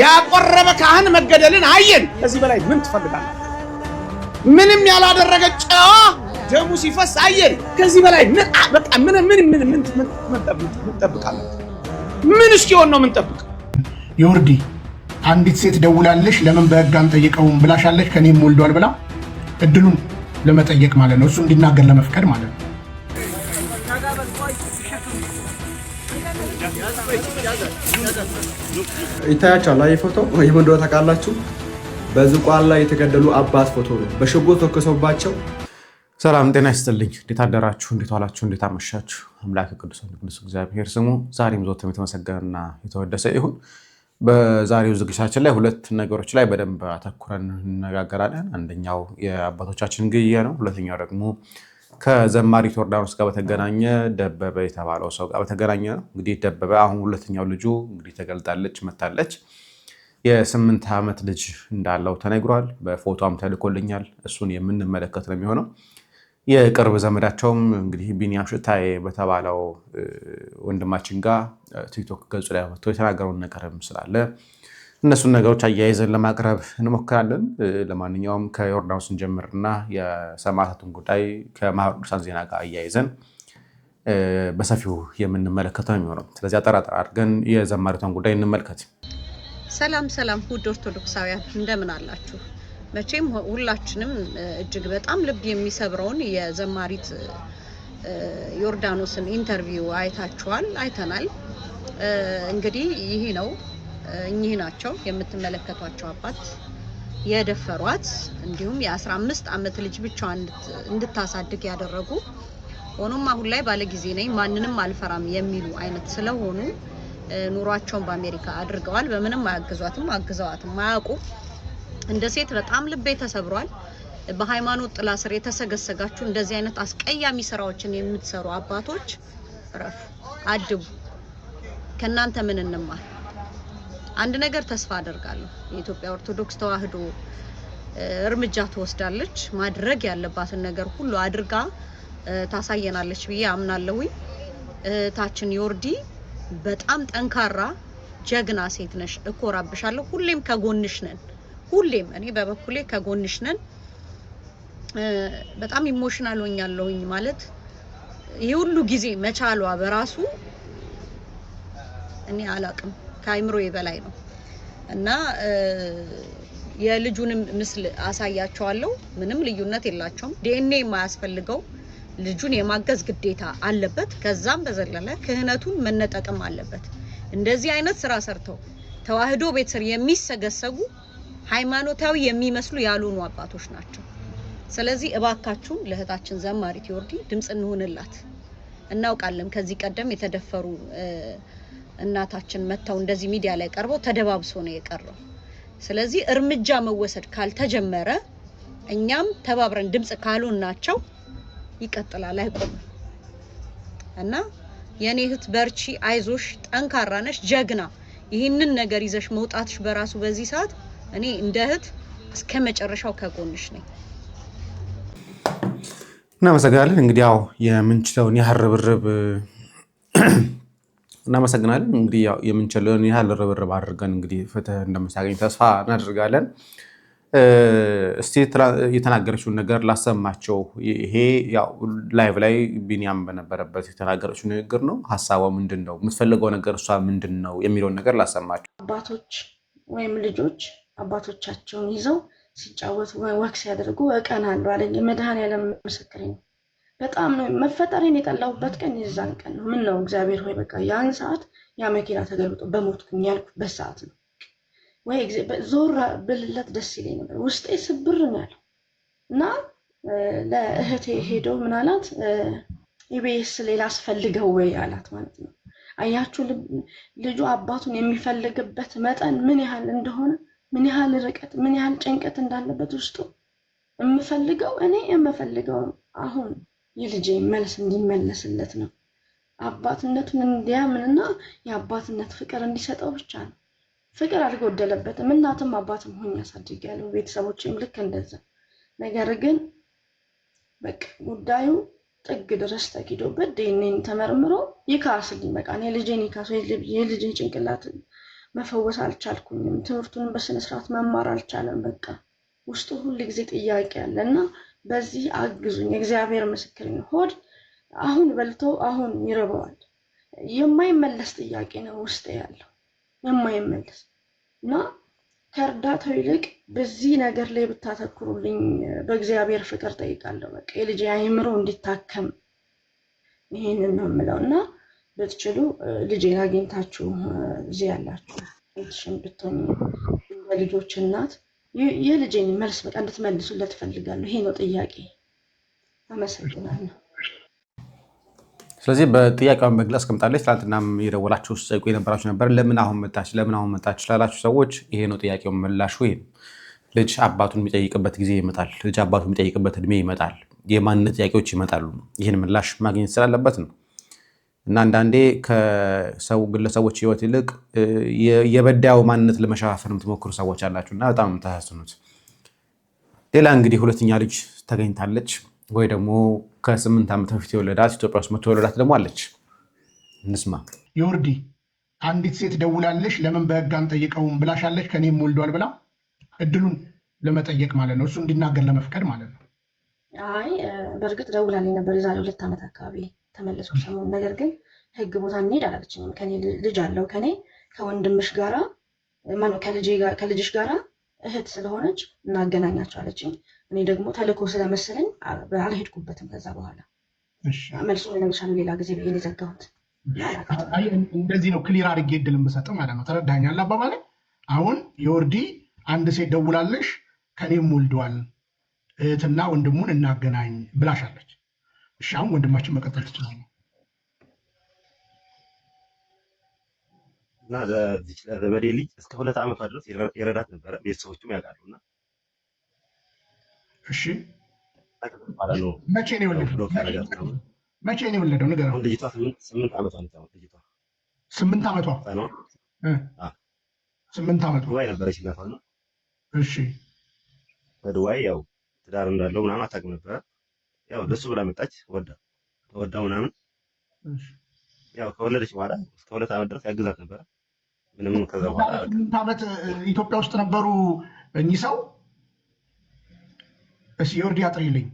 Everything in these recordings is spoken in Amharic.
ያቆረበ ካህን መገደልን አየን። ከዚህ በላይ ምን ትፈልጋለህ? ምንም ያላደረገ ጨዋ ደሙ ሲፈስ አየን። ከዚህ በላይ ምን በቃ ምን ምን ምን ምን ትጠብቃለህ? ምን እስኪሆን ነው? ምን ጠብቅ ዮርዲ አንዲት ሴት ደውላለሽ ለምን በህግ አንጠይቀውም ብላሻለች። ከኔም ወልዷል ብላ እድሉን ለመጠየቅ ማለት ነው፣ እሱ እንዲናገር ለመፍቀድ ማለት ነው። ይታያቸዋል። ይህ ፎቶ ይህ እንደሆነ ታውቃላችሁ። በዝቋላ ላይ የተገደሉ አባት ፎቶ ነው። በሽጉጥ ተኩሰውባቸው። ሰላም ጤና ይስጥልኝ። እንዴት አደራችሁ? እንዴት ዋላችሁ? እንዴት አመሻችሁ? አምላክ ቅዱስ ቅዱስ እግዚአብሔር ስሙ ዛሬም ዘወትም የተመሰገነና የተወደሰ ይሁን። በዛሬው ዝግጅታችን ላይ ሁለት ነገሮች ላይ በደንብ አተኩረን እንነጋገራለን። አንደኛው የአባቶቻችን ግየ ነው። ሁለተኛው ደግሞ ከዘማሪ ዮርዳኖስ ጋር በተገናኘ ደበበ የተባለው ሰው ጋር በተገናኘ ነው። እንግዲህ ደበበ አሁን ሁለተኛው ልጁ እንግዲህ ተገልጣለች መታለች። የስምንት ዓመት ልጅ እንዳለው ተነግሯል። በፎቶም ተልኮልኛል። እሱን የምንመለከት ነው የሚሆነው። የቅርብ ዘመዳቸውም እንግዲህ ቢኒያም ሽታዬ በተባለው ወንድማችን ጋር ቲክቶክ ገጹ ላይ መጥቶ የተናገረውን ነገርም ስላለ እነሱን ነገሮች አያይዘን ለማቅረብ እንሞክራለን። ለማንኛውም ከዮርዳኖስ እንጀምርና የሰማዕታቱን ጉዳይ ከማኅበረ ቅዱሳን ዜና ጋር አያይዘን በሰፊው የምንመለከተው የሚሆነው። ስለዚህ አጠራጠር አድርገን የዘማሪቷን ጉዳይ እንመልከት። ሰላም ሰላም፣ ውድ ኦርቶዶክሳውያን እንደምን አላችሁ? መቼም ሁላችንም እጅግ በጣም ልብ የሚሰብረውን የዘማሪት ዮርዳኖስን ኢንተርቪው አይታችኋል፣ አይተናል። እንግዲህ ይሄ ነው እኚህ ናቸው የምትመለከቷቸው አባት የደፈሯት እንዲሁም የ15 ዓመት ልጅ ብቻዋን እንድታሳድግ ያደረጉ ሆኖም አሁን ላይ ባለጊዜ ነኝ ማንንም አልፈራም የሚሉ አይነት ስለሆኑ ኑሯቸውን በአሜሪካ አድርገዋል። በምንም አያግዟትም፣ አግዘዋትም አያውቁ። እንደ ሴት በጣም ልቤ ተሰብሯል። በሃይማኖት ጥላ ስር የተሰገሰጋችሁ እንደዚህ አይነት አስቀያሚ ስራዎችን የምትሰሩ አባቶች ረፉ፣ አድቡ። ከእናንተ ምን እንማር? አንድ ነገር ተስፋ አደርጋለሁ። የኢትዮጵያ ኦርቶዶክስ ተዋህዶ እርምጃ ትወስዳለች። ማድረግ ያለባትን ነገር ሁሉ አድርጋ ታሳየናለች ብዬ አምናለሁኝ። እህታችን ዮርዲ በጣም ጠንካራ ጀግና ሴት ነሽ፣ እኮራብሻለሁ። ሁሌም ከጎንሽ ነን። ሁሌም እኔ በበኩሌ ከጎንሽ ነን። በጣም ኢሞሽናል ሆኛለሁኝ። ማለት ይህ ሁሉ ጊዜ መቻሏ በራሱ እኔ አላቅም። ከአይምሮ የበላይ ነው እና የልጁንም ምስል አሳያቸዋለሁ። ምንም ልዩነት የላቸውም። ዲኤንኤ የማያስፈልገው ልጁን የማገዝ ግዴታ አለበት። ከዛም በዘለለ ክህነቱን መነጠቅም አለበት። እንደዚህ አይነት ስራ ሰርተው ተዋህዶ ቤት ስር የሚሰገሰጉ ሃይማኖታዊ የሚመስሉ ያልሆኑ አባቶች ናቸው። ስለዚህ እባካችሁ ለእህታችን ዘማሪት ዮርዲ ድምፅ እንሆንላት። እናውቃለን ከዚህ ቀደም የተደፈሩ እናታችን መጥተው እንደዚህ ሚዲያ ላይ ቀርበው ተደባብሶ ነው የቀረው። ስለዚህ እርምጃ መወሰድ ካልተጀመረ እኛም ተባብረን ድምጽ ካሉ ናቸው ይቀጥላል፣ አይቆምም እና የኔ እህት በርቺ፣ አይዞሽ፣ ጠንካራ ነሽ፣ ጀግና ይህንን ነገር ይዘሽ መውጣትሽ በራሱ በዚህ ሰዓት እኔ እንደ እህት እስከ መጨረሻው ከጎንሽ ነኝ። እናመሰግናለን። እንግዲህ ያው የምንችለውን ያህል ርብርብ እናመሰግናለን። እንግዲህ የምንችለውን ያህል ርብርብ አድርገን እንግዲህ ፍትህ እንደምታገኝ ተስፋ እናደርጋለን። እስቲ የተናገረችውን ነገር ላሰማቸው። ይሄ ላይቭ ላይ ቢኒያም በነበረበት የተናገረችው ንግግር ነው። ሀሳቧ ምንድን ነው? የምትፈልገው ነገር እሷ ምንድን ነው የሚለውን ነገር ላሰማቸው። አባቶች ወይም ልጆች አባቶቻቸውን ይዘው ሲጫወቱ ያደርጉ ሲያደርጉ እቀናለሁ አለኝ። መድኃኔዓለም ምስክሬ ነው። በጣም ነው መፈጠሬን የጠላሁበት ቀን የዛን ቀን ነው። ምን ነው እግዚአብሔር ሆይ በቃ ያን ሰዓት ያ መኪና ተገልብጦ በሞትኩኝ ያልኩበት ሰዓት ነው። ወይ ዞር ብልለት ደስ ይለኝ ነበር። ውስጤ ስብር ነው ያለው እና ለእህቴ ሄደው ምን አላት ኢቢኤስ ሌላ አስፈልገው ወይ አላት ማለት ነው። አያችሁ ልጁ አባቱን የሚፈልግበት መጠን ምን ያህል እንደሆነ ምን ያህል ርቀት ምን ያህል ጭንቀት እንዳለበት ውስጡ የምፈልገው እኔ የምፈልገው አሁን የልጄ መልስ እንዲመለስለት ነው። አባትነቱን እንዲያምንና የአባትነት ፍቅር እንዲሰጠው ብቻ ነው። ፍቅር አልጎደለበትም። እናትም አባትም ሆኜ አሳድጌያለሁ። ቤተሰቦችም ልክ እንደዛ። ነገር ግን በቃ ጉዳዩ ጥግ ድረስ ተኪዶበት ዴኔን ተመርምሮ ይካስልኝ በቃ የልጄን ይካስ የልጄን ጭንቅላት መፈወስ አልቻልኩኝም። ትምህርቱን በስነስርዓት መማር አልቻለም። በቃ ውስጡ ሁል ጊዜ ጥያቄ ያለ እና በዚህ አግዙኝ። እግዚአብሔር ምስክር ሆድ አሁን በልቶ አሁን ይርበዋል። የማይመለስ ጥያቄ ነው ውስጥ ያለው የማይመለስ እና ከእርዳታው ይልቅ በዚህ ነገር ላይ ብታተኩሩልኝ በእግዚአብሔር ፍቅር ጠይቃለሁ። በቃ የልጅ አይምሮ እንዲታከም ይሄንን ነው የምለው እና ብትችሉ ልጄን አግኝታችሁ እዚህ ያላችሁ ትሽን ብትሆኝ በልጆች እናት የልጄን መልስ በቃ እንድትመልሱለት እፈልጋለሁ። ይሄ ነው ጥያቄ። አመሰግናለሁ። ስለዚህ በጥያቄውን በግልጽ አስቀምጣለች። ትናንትናም የደወላችሁ ውስጥ ጠይቁ የነበራችሁ ነበር። ለምን አሁን መጣች፣ ለምን አሁን መጣች ላላችሁ ሰዎች ይሄ ነው ጥያቄው፣ ምላሹ ይሄ ነው። ልጅ አባቱን የሚጠይቅበት ጊዜ ይመጣል። ልጅ አባቱን የሚጠይቅበት እድሜ ይመጣል። የማንነት ጥያቄዎች ይመጣሉ። ይህን ምላሽ ማግኘት ስላለበት ነው። እና አንዳንዴ ከሰው ግለሰቦች ህይወት ይልቅ የበዳዩ ማንነት ለመሸፋፈን የምትሞክሩ ሰዎች አላችሁ እና በጣም የምታሳዝኑት። ሌላ እንግዲህ ሁለተኛ ልጅ ተገኝታለች ወይ ደግሞ ከስምንት ዓመት በፊት የወለዳት ኢትዮጵያ ውስጥ የምትወለዳት ደግሞ አለች። እንስማ። ዮርዲ አንዲት ሴት ደውላለች፣ ለምን በህግ አንጠይቀውም ብላሻለች፣ ከኔም ወልዷል ብላ እድሉን ለመጠየቅ ማለት ነው፣ እሱ እንዲናገር ለመፍቀድ ማለት ነው። አይ በእርግጥ ደውላልኝ ነበር የዛሬ ሁለት ዓመት አካባቢ ተመልሶ ሰሞኑን ነገር ግን ህግ ቦታ እንሄድ አላለችኝም። ከኔ ልጅ አለው ከኔ ከወንድምሽ ጋራ ማነው ከልጅሽ ጋራ እህት ስለሆነች እናገናኛቸው አለችኝ። እኔ ደግሞ ተልእኮ ስለመሰለኝ አልሄድኩበትም። ከዛ በኋላ መልሶ ለነግሻለ ሌላ ጊዜ ብዬ የዘጋሁት እንደዚህ ነው። ክሊር አድርጌ እድል የምሰጥ ማለት ነው። ተረዳኛል አባባለ። አሁን የወርዲ አንድ ሴት ደውላለሽ ከኔም ወልዷል እህትና ወንድሙን እናገናኝ ብላሻለች። እሺ ወንድማችን መቀጠል ትችላለህ። እና ለዘመዴ ልጅ እስከ ሁለት ዓመቷ ድረስ የረዳት ነበረ። ቤተሰቦቹም ያውቃሉ። እና እሺ መቼ ነው የወለደው? መቼ ነው የወለደው? ንገረው። አሁን ልጅቷ ስምንት ዓመቷ ነው። ልጅቷ ስምንት ዓመቷ ስምንት ዓመቷ ዱባይ ነበረች እናቷ። እሺ በዱባይ ያው ትዳር እንዳለው ምናምን አታውቅም ነበረ ያው ለሱ ብላ መጣች። ወዳ ወዳ ምናምን ያው ከወለደች በኋላ እስከ ሁለት ዓመት ድረስ ያግዛት ነበረ። ምንም ከዛ በኋላ ዓመት ኢትዮጵያ ውስጥ ነበሩ እኚህ ሰው። እሺ የወርድ ያጥሪልኝ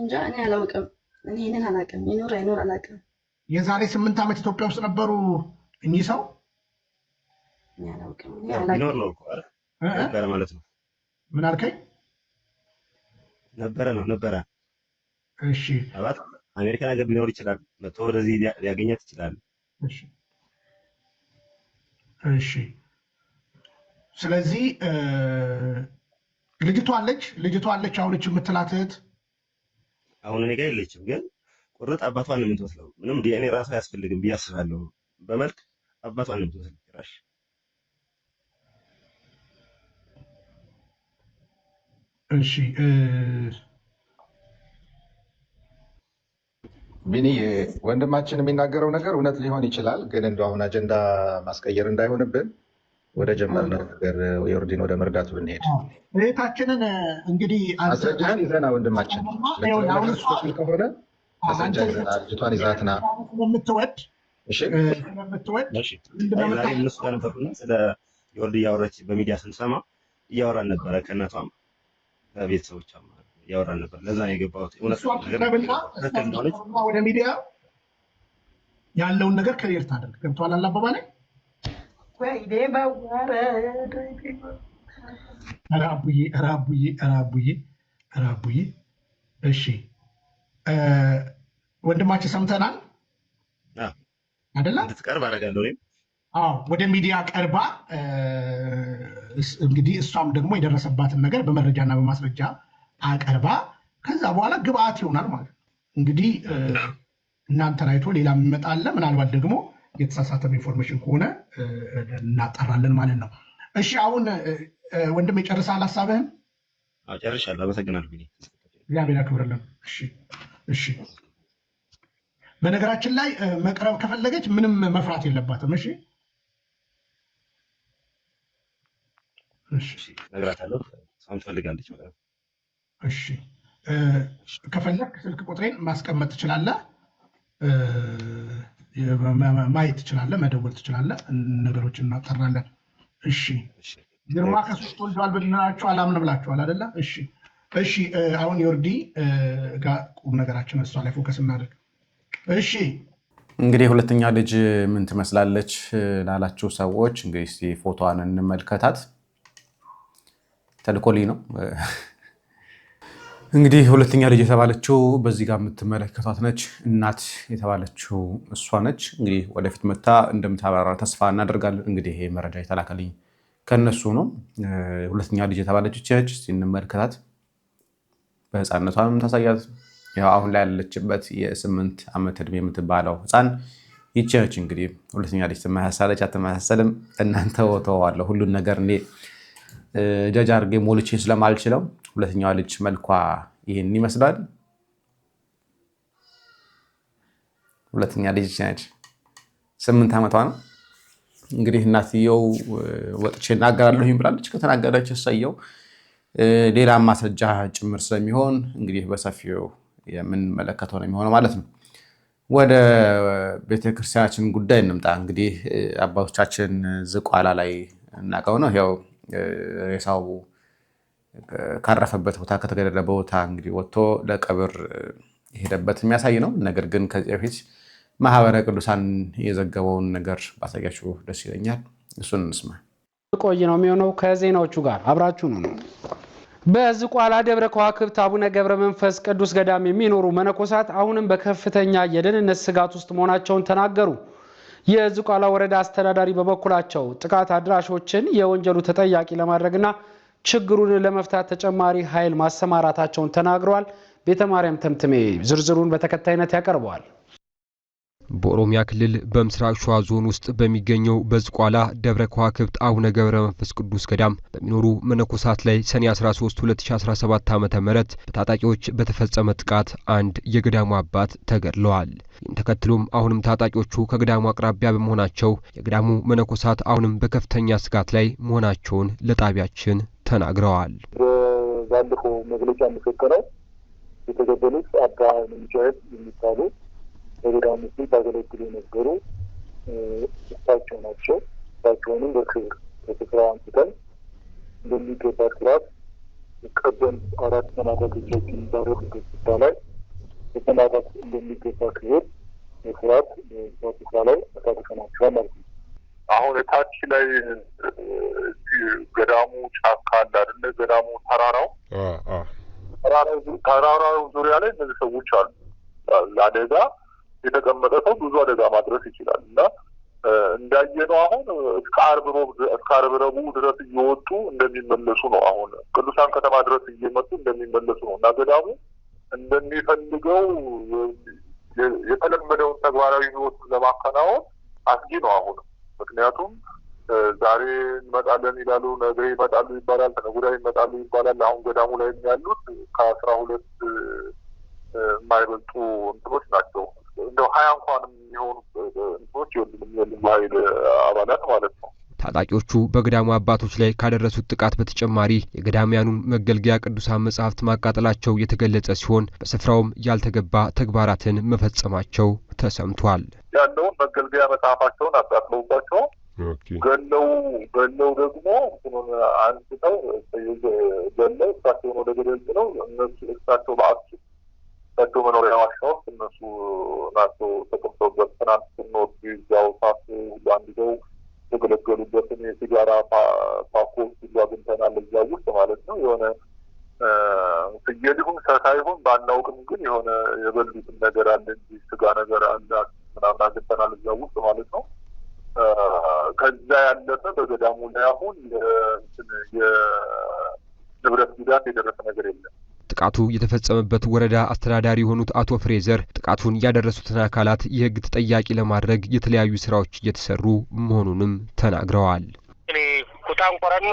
እንጃ እኔ አላውቅም። እኔ ይሄንን አላውቅም። ይኖር አይኖር አላውቅም። የዛሬ ስምንት ዓመት ኢትዮጵያ ውስጥ ነበሩ እኚህ ሰው። ይኖር ነው ማለት ነው። ምን አልከኝ? ነበረ ነው ነበረ። እሺ አባት አሜሪካን ሀገር ሊኖር ይችላል። መጥቶ ወደዚህ ሊያገኛት ይችላል። እሺ እሺ። ስለዚህ ልጅቷ አለች ልጅቷ አለች አሁንች የምትላት እህት አሁን እኔ ጋር የለችም፣ ግን ቁርጥ አባቷን ነው የምትመስለው። ምንም ዲኤንኤ ራሱ አያስፈልግም ብዬ አስባለሁ። በመልክ አባቷን ነው የምትመስለው ራሽ እሺ ቢኒ ወንድማችን የሚናገረው ነገር እውነት ሊሆን ይችላል። ግን እንደ አሁን አጀንዳ ማስቀየር እንዳይሆንብን ወደ ጀመርነው ነገር የኦርዲን ወደ መርዳቱ ብንሄድ እህታችንን እንግዲህ አስረጃህን ይዘና ወንድማችን ከሆነ አስረጃ ይዘና ልጅቷን ይዛትና ስለምትወድ ስለምትወድ ስለ ዮርዲ እያወረች በሚዲያ ስንሰማ እያወራን ነበረ ከእናቷም ከቤተሰቦች ያወራል ነበር። ለዛ ነው የገባሁት። ወደ ሚዲያ ያለውን ነገር ክሬር ታደርግ ገብተዋል። አላባባ ላይ ራቡዬ ራቡዬ ራቡዬ ራቡዬ። እሺ ወንድማችን ሰምተናል አይደለም? እንድትቀርብ አደርጋለሁ ወይም አዎ ወደ ሚዲያ ቀርባ እንግዲህ እሷም ደግሞ የደረሰባትን ነገር በመረጃና በማስረጃ አቀርባ ከዛ በኋላ ግብአት ይሆናል ማለት ነው። እንግዲህ እናንተ ራይቶ ሌላ የሚመጣለ ምናልባት ደግሞ የተሳሳተም ኢንፎርሜሽን ከሆነ እናጠራለን ማለት ነው። እሺ አሁን ወንድም የጨርሰሃል ሀሳብህን? ጨርሻለሁ። አመሰግናል። እግዚአብሔር ያክብርልን። እሺ በነገራችን ላይ መቅረብ ከፈለገች ምንም መፍራት የለባትም። እሺ እነግራታለሁ። እሷም ትፈልጋለች ማለት ነው። እሺ ከፈለክ ስልክ ቁጥሬን ማስቀመጥ ትችላለህ፣ ማየት ትችላለህ፣ መደወል ትችላለህ። ነገሮችን እናጠራለን። እሺ ግርማ ከሶስት ወልደዋል ብናቸው አላምንም ብላችኋል አደለ? እሺ እሺ። አሁን የወርዲ ጋር ቁም ነገራችን እሷ ላይ ፎከስ እናደርግ። እሺ እንግዲህ ሁለተኛ ልጅ ምን ትመስላለች ላላችሁ ሰዎች እንግዲህ ፎቶዋን እንመልከታት። ተልኮልኝ ነው። እንግዲህ ሁለተኛ ልጅ የተባለችው በዚህ ጋር የምትመለከቷት ነች። እናት የተባለችው እሷ ነች። እንግዲህ ወደፊት መታ እንደምታበራራ ተስፋ እናደርጋለን። እንግዲህ ይሄ መረጃ የተላከልኝ ከነሱ ነው። ሁለተኛ ልጅ የተባለች ቻች እንመልከታት። በህፃንነቷን የምታሳያት አሁን ላይ ያለችበት የስምንት ዓመት እድሜ የምትባለው ህፃን ይቻች እንግዲህ ሁለተኛ ልጅ ትመሳሰለች አትመሳሰልም? እናንተ ወተዋለሁ ሁሉን ነገር እንዴ ጃጅ አድርጌ ሞልቼ ስለማልችለው ሁለተኛዋ ልጅ መልኳ ይህን ይመስላል። ሁለተኛ ልጅ ነች። ስምንት ዓመቷ ነው። እንግዲህ እናትየው ወጥቼ እናገራለሁ ብላለች። ከተናገረች እሰየው፣ ሌላ ማስረጃ ጭምር ስለሚሆን እንግዲህ በሰፊው የምንመለከተው ነው የሚሆነው ማለት ነው። ወደ ቤተክርስቲያናችን ጉዳይ እንምጣ። እንግዲህ አባቶቻችን ዝቋላ ላይ እናቀው ነው ያው ሬሳው ካረፈበት ቦታ ከተገደለ ቦታ እንግዲህ ወጥቶ ለቀብር የሄደበት የሚያሳይ ነው። ነገር ግን ከዚህ በፊት ማህበረ ቅዱሳን የዘገበውን ነገር ባሳያችሁ ደስ ይለኛል። እሱን እንስማ። ቆይ ነው የሚሆነው። ከዜናዎቹ ጋር አብራችሁ ነው ነው በዝቋላ ደብረ ከዋክብት አቡነ ገብረ መንፈስ ቅዱስ ገዳም የሚኖሩ መነኮሳት አሁንም በከፍተኛ የደህንነት ስጋት ውስጥ መሆናቸውን ተናገሩ። የዝቋላ ወረዳ አስተዳዳሪ በበኩላቸው ጥቃት አድራሾችን የወንጀሉ ተጠያቂ ለማድረግና ችግሩን ለመፍታት ተጨማሪ ኃይል ማሰማራታቸውን ተናግረዋል። ቤተማርያም ተምትሜ ዝርዝሩን በተከታይነት ያቀርበዋል። በኦሮሚያ ክልል በምስራቅ ሸዋ ዞን ውስጥ በሚገኘው በዝቋላ ደብረ ከዋክብት አቡነ ገብረ መንፈስ ቅዱስ ገዳም በሚኖሩ መነኮሳት ላይ ሰኔ 13 2017 ዓ ም በታጣቂዎች በተፈጸመ ጥቃት አንድ የገዳሙ አባት ተገድለዋል። ይህን ተከትሎም አሁንም ታጣቂዎቹ ከገዳሙ አቅራቢያ በመሆናቸው የገዳሙ መነኮሳት አሁንም በከፍተኛ ስጋት ላይ መሆናቸውን ለጣቢያችን ተናግረዋል። ባለፈው መግለጫ ምስክረው የተገደሉት አባ ሚካኤል የሚባሉ በገዳሙ ምስል ባገለግሉ የነበሩ እሳቸው ናቸው። እሳቸውንም በክብር በስፍራ አንስተን እንደሚገባ ስርዓት ቀደም አራት ሰማዕታቶቻችን ባረፉበት ስፍራ ላይ ለሰማዕታት እንደሚገባ ክብር ስርዓት ስፍራ ላይ ተሳትፈናቸዋል ማለት ነው። አሁን እታች ላይ ገዳሙ ጫካ አለ አይደለ? ገዳሙ ተራራው ተራራው ዙሪያ ላይ እነዚህ ሰዎች አሉ ለአደጋ የተቀመጠ ሰው ብዙ አደጋ ማድረስ ይችላል እና እንዳየነው አሁን እስከ አርብ እስከ አርብ ረቡዕ ድረስ እየወጡ እንደሚመለሱ ነው። አሁን ቅዱሳን ከተማ ድረስ እየመጡ እንደሚመለሱ ነው እና ገዳሙ እንደሚፈልገው የተለመደውን ተግባራዊ ሕይወት ለማከናወን አስጊ ነው አሁን ምክንያቱም ዛሬ እንመጣለን ይላሉ፣ ነገ ይመጣሉ ይባላል፣ ተነጉዳ ይመጣሉ ይባላል። አሁን ገዳሙ ላይ ያሉት ከአስራ ሁለት የማይበልጡ እንትኖች ናቸው እንደው ሀያ እንኳን የሚሆኑ ህዝቦች የወንድም የወንድም ሀይል አባላት ማለት ነው። ታጣቂዎቹ በገዳሙ አባቶች ላይ ካደረሱት ጥቃት በተጨማሪ የገዳሚያኑን መገልገያ ቅዱሳን መጻሕፍት ማቃጠላቸው የተገለጸ ሲሆን በስፍራውም ያልተገባ ተግባራትን መፈጸማቸው ተሰምቷል። ያለውን መገልገያ መጽሐፋቸውን አቃጥለውባቸው ገለው ገለው ደግሞ እንትኑን አንስተው ገለው እሳቸውን ወደ ገደል ነው እነሱ እሳቸው በአክሱ ጠዶ መኖሪያ ዋሻ ውስጥ እነሱ ናቸው ተቀምጠውበት ትናንት ስንወዱ እዛው ሳት ሁሉ አንድደው የተገለገሉበትን የሲጋራ ፓኮች ሁሉ አግኝተናል እዛ ውስጥ ማለት ነው። የሆነ ፍየል ይሁን ሰሳ ይሁን ባናውቅም ግን የሆነ የበሉትን ነገር አለ እንጂ ስጋ ነገር አለ ምናምን አግኝተናል እዛ ውስጥ ማለት ነው። ከዛ ያለፈ በገዳሙ ላይ አሁን የንብረት ጉዳት የደረሰ ነገር የለም። ጥቃቱ የተፈጸመበት ወረዳ አስተዳዳሪ የሆኑት አቶ ፍሬዘር ጥቃቱን ያደረሱትን አካላት የህግ ተጠያቂ ለማድረግ የተለያዩ ስራዎች እየተሰሩ መሆኑንም ተናግረዋል። ኩታን ቆረኖ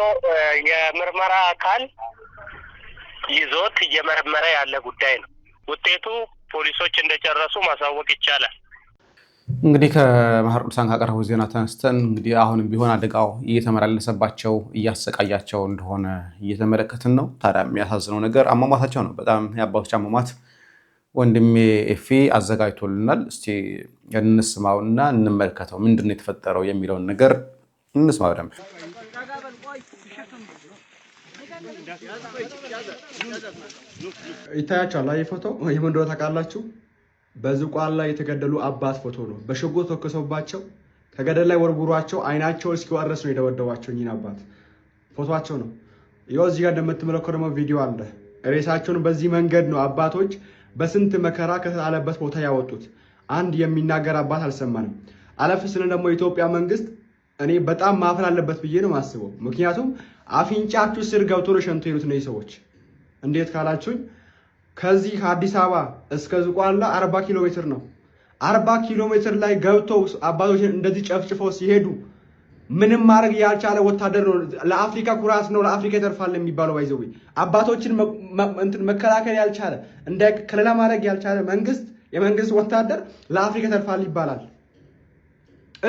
የምርመራ አካል ይዞት እየመረመረ ያለ ጉዳይ ነው። ውጤቱ ፖሊሶች እንደጨረሱ ማሳወቅ ይቻላል። እንግዲህ ከማህበረ ቅዱሳን ካቀረቡ ዜና ተነስተን እንግዲህ አሁንም ቢሆን አደጋው እየተመላለሰባቸው እያሰቃያቸው እንደሆነ እየተመለከትን ነው። ታዲያ የሚያሳዝነው ነገር አሟሟታቸው ነው። በጣም የአባቶች አሟሟት ወንድሜ ኤፌ አዘጋጅቶልናል። እስቲ እንስማውና እንመልከተው ምንድን ነው የተፈጠረው የሚለውን ነገር እንስማ ደም ይታያቸዋል። አይ ፎቶ የመንደወ ታውቃላችሁ በዝቋላ ላይ የተገደሉ አባት ፎቶ ነው። በሽጉጥ ተኩሰውባቸው ከገደል ላይ ወርውሯቸው አይናቸው እስኪዋር ነው የደበደቧቸው። እኚህን አባት ፎቶቸው ነው። ይኸው እዚህ ጋር እንደምትመለከቱ ደግሞ ቪዲዮ አለ። ሬሳቸውን በዚህ መንገድ ነው አባቶች በስንት መከራ ከተጣለበት ቦታ ያወጡት። አንድ የሚናገር አባት አልሰማንም። አለፍ ስለ ደግሞ የኢትዮጵያ መንግስት እኔ በጣም ማፈል አለበት ብዬ ነው የማስበው። ምክንያቱም አፍንጫችሁ ስር ገብቶ ነው ሸንቶ ይሉት ነው ሰዎች። እንዴት ካላችሁኝ ከዚህ ከአዲስ አበባ እስከ ዝቋላ 40 ኪሎ ሜትር ነው። 40 ኪሎ ሜትር ላይ ገብተው አባቶችን እንደዚህ ጨፍጭፈው ሲሄዱ ምንም ማድረግ ያልቻለ ወታደር ነው። ለአፍሪካ ኩራት ነው፣ ለአፍሪካ ይተርፋል የሚባለው ባይዘው አባቶችን እንትን መከላከል ያልቻለ እንደ ከለላ ማድረግ ያልቻለ መንግስት፣ የመንግስት ወታደር ለአፍሪካ ይተርፋል ይባላል።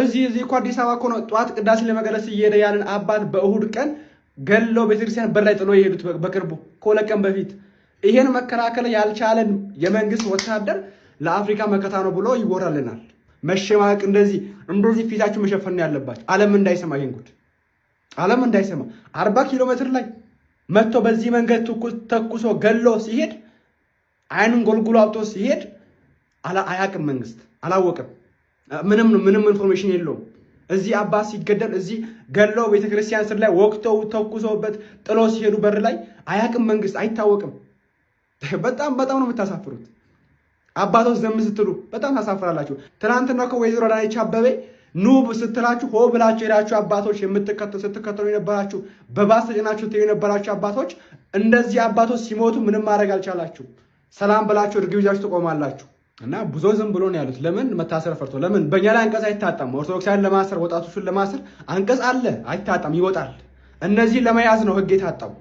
እዚህ እዚህ እኮ አዲስ አበባ እኮ ነው። ጠዋት ቅዳሴ ለመቀደስ እየሄደ ያንን አባት በእሁድ ቀን ገለው ቤተክርስቲያን በር ላይ ጥሎ የሄዱት በቅርቡ ከሁለት ቀን በፊት ይሄን መከላከል ያልቻለን የመንግስት ወታደር ለአፍሪካ መከታ ነው ብሎ ይወራልናል። መሸማቅ እንደዚህ እንደዚህ ፊታችሁ መሸፈን ያለባቸው ዓለም እንዳይሰማ ይሄን ጉድ ዓለም እንዳይሰማ አርባ ኪሎ ሜትር ላይ መጥቶ በዚህ መንገድ ተኩሶ ገሎ ሲሄድ አይኑን ጎልጉሎ አውጥቶ ሲሄድ አያውቅም፣ መንግስት አላወቅም። ምንም ምንም ኢንፎርሜሽን የለውም። እዚህ አባት ሲገደል እዚህ ገሎ ቤተክርስቲያን ስር ላይ ወቅተው ተኩሶበት ጥሎ ሲሄዱ በር ላይ አያውቅም፣ መንግስት አይታወቅም። በጣም በጣም ነው የምታሳፍሩት። አባቶች ዘም ስትሉ በጣም ታሳፍራላችሁ። ትናንትና እኮ ወይዘሮ አዳነች አበቤ ኑ ስትላችሁ ሆ ብላችሁ ሄዳችሁ አባቶች የምትከተሉ ስትከተሉ የነበራችሁ በባስ ተጭናችሁ ትሄዱ የነበራችሁ አባቶች እንደዚህ አባቶች ሲሞቱ ምንም ማድረግ አልቻላችሁ። ሰላም ብላችሁ እርግብ ይዛችሁ ትቆማላችሁ። እና ብዙ ዝም ብሎ ነው ያሉት። ለምን መታሰር ፈርቶ ለምን በእኛ ላይ አንቀጽ አይታጣም። ኦርቶዶክሳን ለማሰር ወጣቶቹን ለማሰር አንቀጽ አለ አይታጣም፣ ይወጣል። እነዚህ ለመያዝ ነው ህግ የታጣው።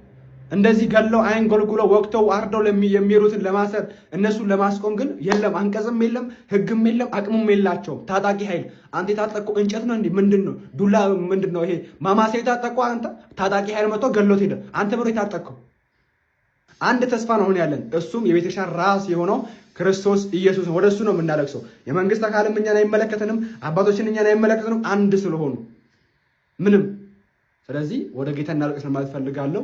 እንደዚህ ገለው አይን ጎልጉለው ወቅተው አርደው የሚሩትን ለማሰር እነሱን ለማስቆም ግን የለም፣ አንቀጽም የለም፣ ህግም የለም፣ አቅምም የላቸውም። ታጣቂ ኃይል አንተ የታጠቁ እንጨት ነው እንዴ? ምንድን ነው ዱላ ምንድን ነው ይሄ? ማማሴ የታጠቁ አንተ ታጣቂ ኃይል መጥቶ ገሎት ሄደ። አንተ ብሮ የታጠቅከው አንድ ተስፋ ነው አሁን ያለን፣ እሱም የቤተክርስቲያን ራስ የሆነው ክርስቶስ ኢየሱስ ነው። ወደ እሱ ነው የምናለቅሰው። የመንግስት አካልም እኛን አይመለከተንም፣ አባቶችን እኛን አይመለከተንም አንድ ስለሆኑ ምንም። ስለዚህ ወደ ጌታ እናለቅስ ማለት ፈልጋለሁ።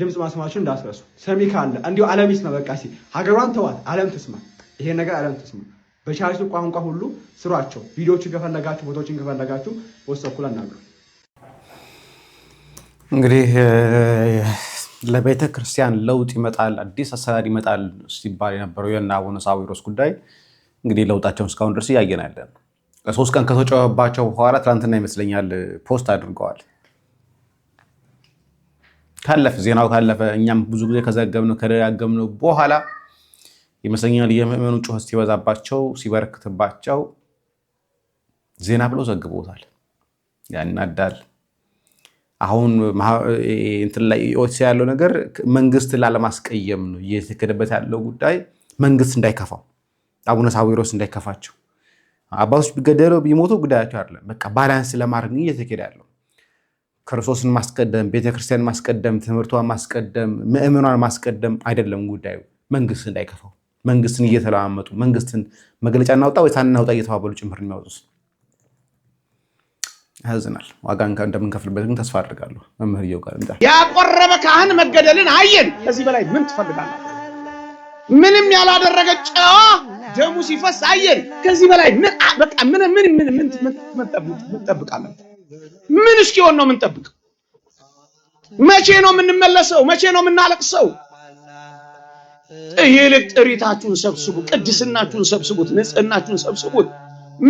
ድምፅ ማስማችን እንዳስረሱ ሰሚ ካለ እንዲሁ ዓለም ይስማ። በቃ ሲ ሀገሯን ተዋት፣ ዓለም ትስማ። ይሄ ነገር ዓለም ትስማ። በቻይሱ ቋንቋ ሁሉ ስሯቸው። ቪዲዮዎችን ከፈለጋችሁ፣ ፎቶዎችን ከፈለጋችሁ ወሰኩላ እናገሩ። እንግዲህ ለቤተ ክርስቲያን ለውጥ ይመጣል፣ አዲስ አሰራር ይመጣል ሲባል የነበረው የእነ አቡነ ሳዊሮስ ጉዳይ እንግዲህ ለውጣቸውን እስካሁን ድረስ እያየን ያለን። ሶስት ቀን ከተጨበባቸው በኋላ ትናንትና ይመስለኛል ፖስት አድርገዋል ካለፈ ዜናው ካለፈ እኛም ብዙ ጊዜ ከዘገብነው ከደጋገብነው በኋላ ይመስለኛል የምእመኑ ጩኸት ሲበዛባቸው ሲበረክትባቸው ዜና ብለው ዘግቦታል። ያናዳል። አሁን እንትን ላይ ኢኦኤስ ያለው ነገር መንግስት ላለማስቀየም ነው እየተከደበት ያለው ጉዳይ መንግስት እንዳይከፋው አቡነ ሳዊሮስ እንዳይከፋቸው አባቶች ቢገደለው ቢሞቱ ጉዳያቸው አይደለም። በቃ ባላንስ ለማድረግ እየተኬደ ያለው ክርስቶስን ማስቀደም፣ ቤተክርስቲያን ማስቀደም፣ ትምህርቷን ማስቀደም፣ ምእምኗን ማስቀደም አይደለም ጉዳዩ። መንግስት እንዳይከፋው መንግስትን እየተለማመጡ መንግስትን መግለጫ እናውጣ ወይ ሳናውጣ እየተባበሉ ጭምር የሚያወጡት ያዝናል። ዋጋ እንደምንከፍልበት ግን ተስፋ አድርጋለሁ። መምህር እየውቃል ያቆረበ ካህን መገደልን አየን። ከዚህ በላይ ምን ትፈልጋለህ? ምንም ያላደረገ ጨዋ ደሙ ሲፈስ አየን። ከዚህ በላይ ምን ምን ምን ምን ምን ምን እስኪሆን ነው የምንጠብቀው? መቼ ነው የምንመለሰው? መቼ ነው የምናለቅሰው? ይልቅ ጥሪታችሁን ሰብስቡ፣ ቅድስናችሁን ሰብስቡት፣ ንጽህናችሁን ሰብስቡት፣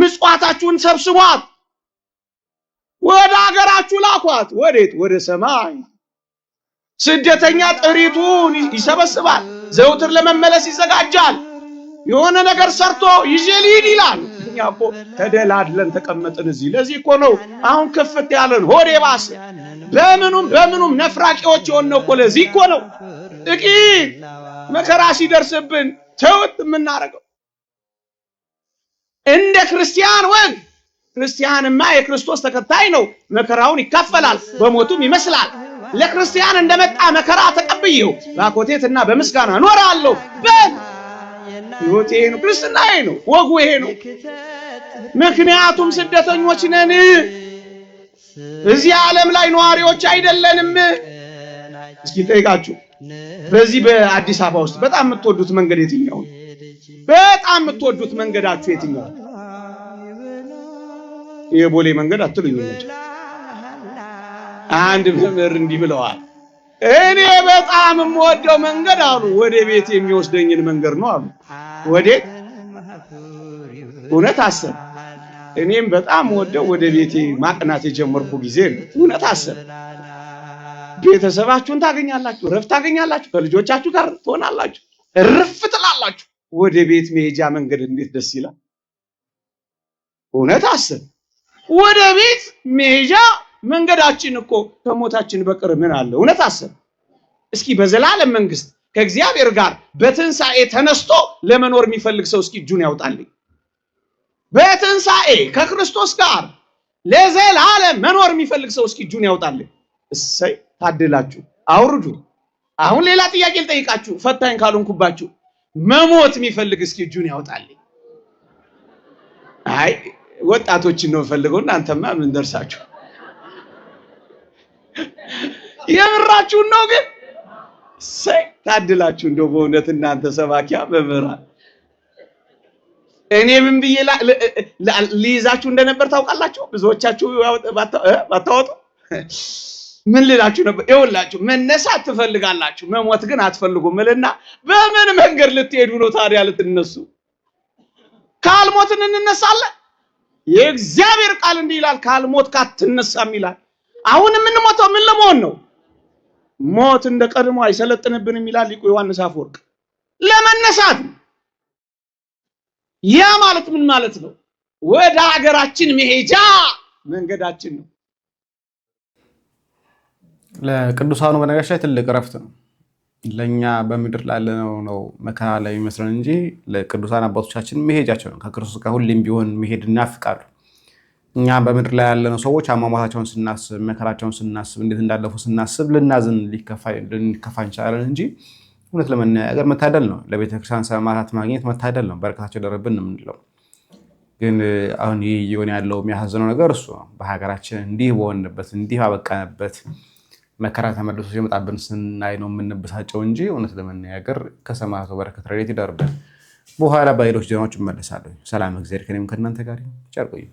ምጽዋታችሁን ሰብስቧት፣ ወደ አገራችሁ ላኳት። ወዴት? ወደ ሰማይ። ስደተኛ ጥሪቱን ይሰበስባል፣ ዘውትር ለመመለስ ይዘጋጃል። የሆነ ነገር ሰርቶ ይዤ ልሂድ ይላል። እኛ እኮ ተደላድለን ተቀመጥን እዚህ። ለዚህ እኮ ነው አሁን ክፍት ያለን ሆዴ ባስ በምኑም በምኑም ነፍራቂዎች የሆነ እኮ ለዚህ እኮ ነው ጥቂት መከራ ሲደርስብን ተውት የምናደርገው። እንደ ክርስቲያን ወግ ክርስቲያንማ የክርስቶስ ተከታይ ነው። መከራውን ይካፈላል፣ በሞቱም ይመስላል። ለክርስቲያን እንደመጣ መከራ ተቀብዬው በአኮቴትና በምስጋና ኖራለሁ በል ህይወቴ ይሄ ነው፣ ክርስትና ይሄ ነው፣ ወጉ ይሄ ነው። ምክንያቱም ስደተኞች ነን፣ እዚህ ዓለም ላይ ነዋሪዎች አይደለንም። እስኪ ጠይቃችሁ በዚህ በአዲስ አበባ ውስጥ በጣም የምትወዱት መንገድ የትኛው? በጣም የምትወዱት መንገዳችሁ የትኛው? የቦሌ መንገድ አትሉኝ። አንድ መምህር እንዲህ ብለዋል። እኔ በጣም የምወደው መንገድ አሉ ወደ ቤት የሚወስደኝን መንገድ ነው አሉ። ወዴት እውነት አሰብ። እኔም በጣም ወደው ወደ ቤቴ ማቅናት የጀመርኩ ጊዜ ነው። እውነት አሰብ። ቤተሰባችሁን ታገኛላችሁ፣ ረፍት ታገኛላችሁ፣ ከልጆቻችሁ ጋር ትሆናላችሁ፣ እርፍ ትላላችሁ። ወደ ቤት መሄጃ መንገድ እንዴት ደስ ይላል! እውነት አሰብ ወደ ቤት መሄጃ መንገዳችን እኮ ከሞታችን በቀር ምን አለ? እውነት አስብ እስኪ በዘላለም መንግስት ከእግዚአብሔር ጋር በትንሣኤ ተነስቶ ለመኖር የሚፈልግ ሰው እስኪ እጁን ያውጣልኝ። በትንሣኤ ከክርስቶስ ጋር ለዘላለም መኖር የሚፈልግ ሰው እስኪ እጁን ያውጣልኝ። እሰይ ታድላችሁ። አውርዱ። አሁን ሌላ ጥያቄ ልጠይቃችሁ፣ ፈታኝ ካልሆንኩባችሁ። መሞት የሚፈልግ እስኪ እጁን ያውጣልኝ። አይ ወጣቶችን ነው ፈልገው። እናንተማ ምን ደርሳችሁ የምራችሁን ነው ግን ሰይ ታድላችሁ እንደው በእውነት እናንተ ሰባኪያ መምህራን እኔ ምን ብዬ ልይዛችሁ እንደነበር ታውቃላችሁ። ብዙዎቻችሁ ባታወጡ ምን ልላችሁ ነበር? ይኸውላችሁ መነሳት ትፈልጋላችሁ፣ መሞት ግን አትፈልጉም እልና በምን መንገድ ልትሄዱ ነው ታዲያ ልትነሱ? ካልሞትን እንነሳለን። የእግዚአብሔር ቃል እንዲህ ይላል፣ ካልሞት ካትነሳም ይላል። አሁን የምንሞተው ምን ለመሆን ነው? ሞት እንደ ቀድሞ አይሰለጥንብንም ይላል ሊቁ ዮሐንስ አፈወርቅ። ለመነሳት ያ ማለት ምን ማለት ነው? ወደ ሀገራችን መሄጃ መንገዳችን ነው። ለቅዱሳኑ በነገራችን ላይ ትልቅ እረፍት ነው። ለእኛ በምድር ላለነው ነው መከራ ላይ ይመስለን እንጂ ለቅዱሳን አባቶቻችን መሄጃቸው ነው። ከክርስቶስ ጋር ሁሌም ቢሆን መሄድ እናፍቃሉ። እኛ በምድር ላይ ያለነው ሰዎች አሟሟታቸውን ስናስብ መከራቸውን ስናስብ እንዴት እንዳለፉ ስናስብ ልናዝን ሊከፋ እንችላለን እንጂ እውነት ለመነጋገር መታደል ነው። ለቤተክርስቲያን ሰማዕታት ማግኘት መታደል ነው። በረከታቸው ደረብን ነው የምንለው። ግን አሁን ይህ እየሆነ ያለው የሚያሳዝነው ነገር እሱ ነው። በሀገራችን እንዲህ በሆንበት እንዲህ ባበቃንበት መከራ ተመልሶ ሲመጣብን ስናይ ነው የምንበሳጨው እንጂ እውነት ለመነጋገር ከሰማዕታቱ በረከት ረድኤት ይደርብን። በኋላ በሌሎች ዜናዎች እመለሳለሁ። ሰላም፣ እግዚአብሔር ከእኔም ከእናንተ ጋር ይሁን።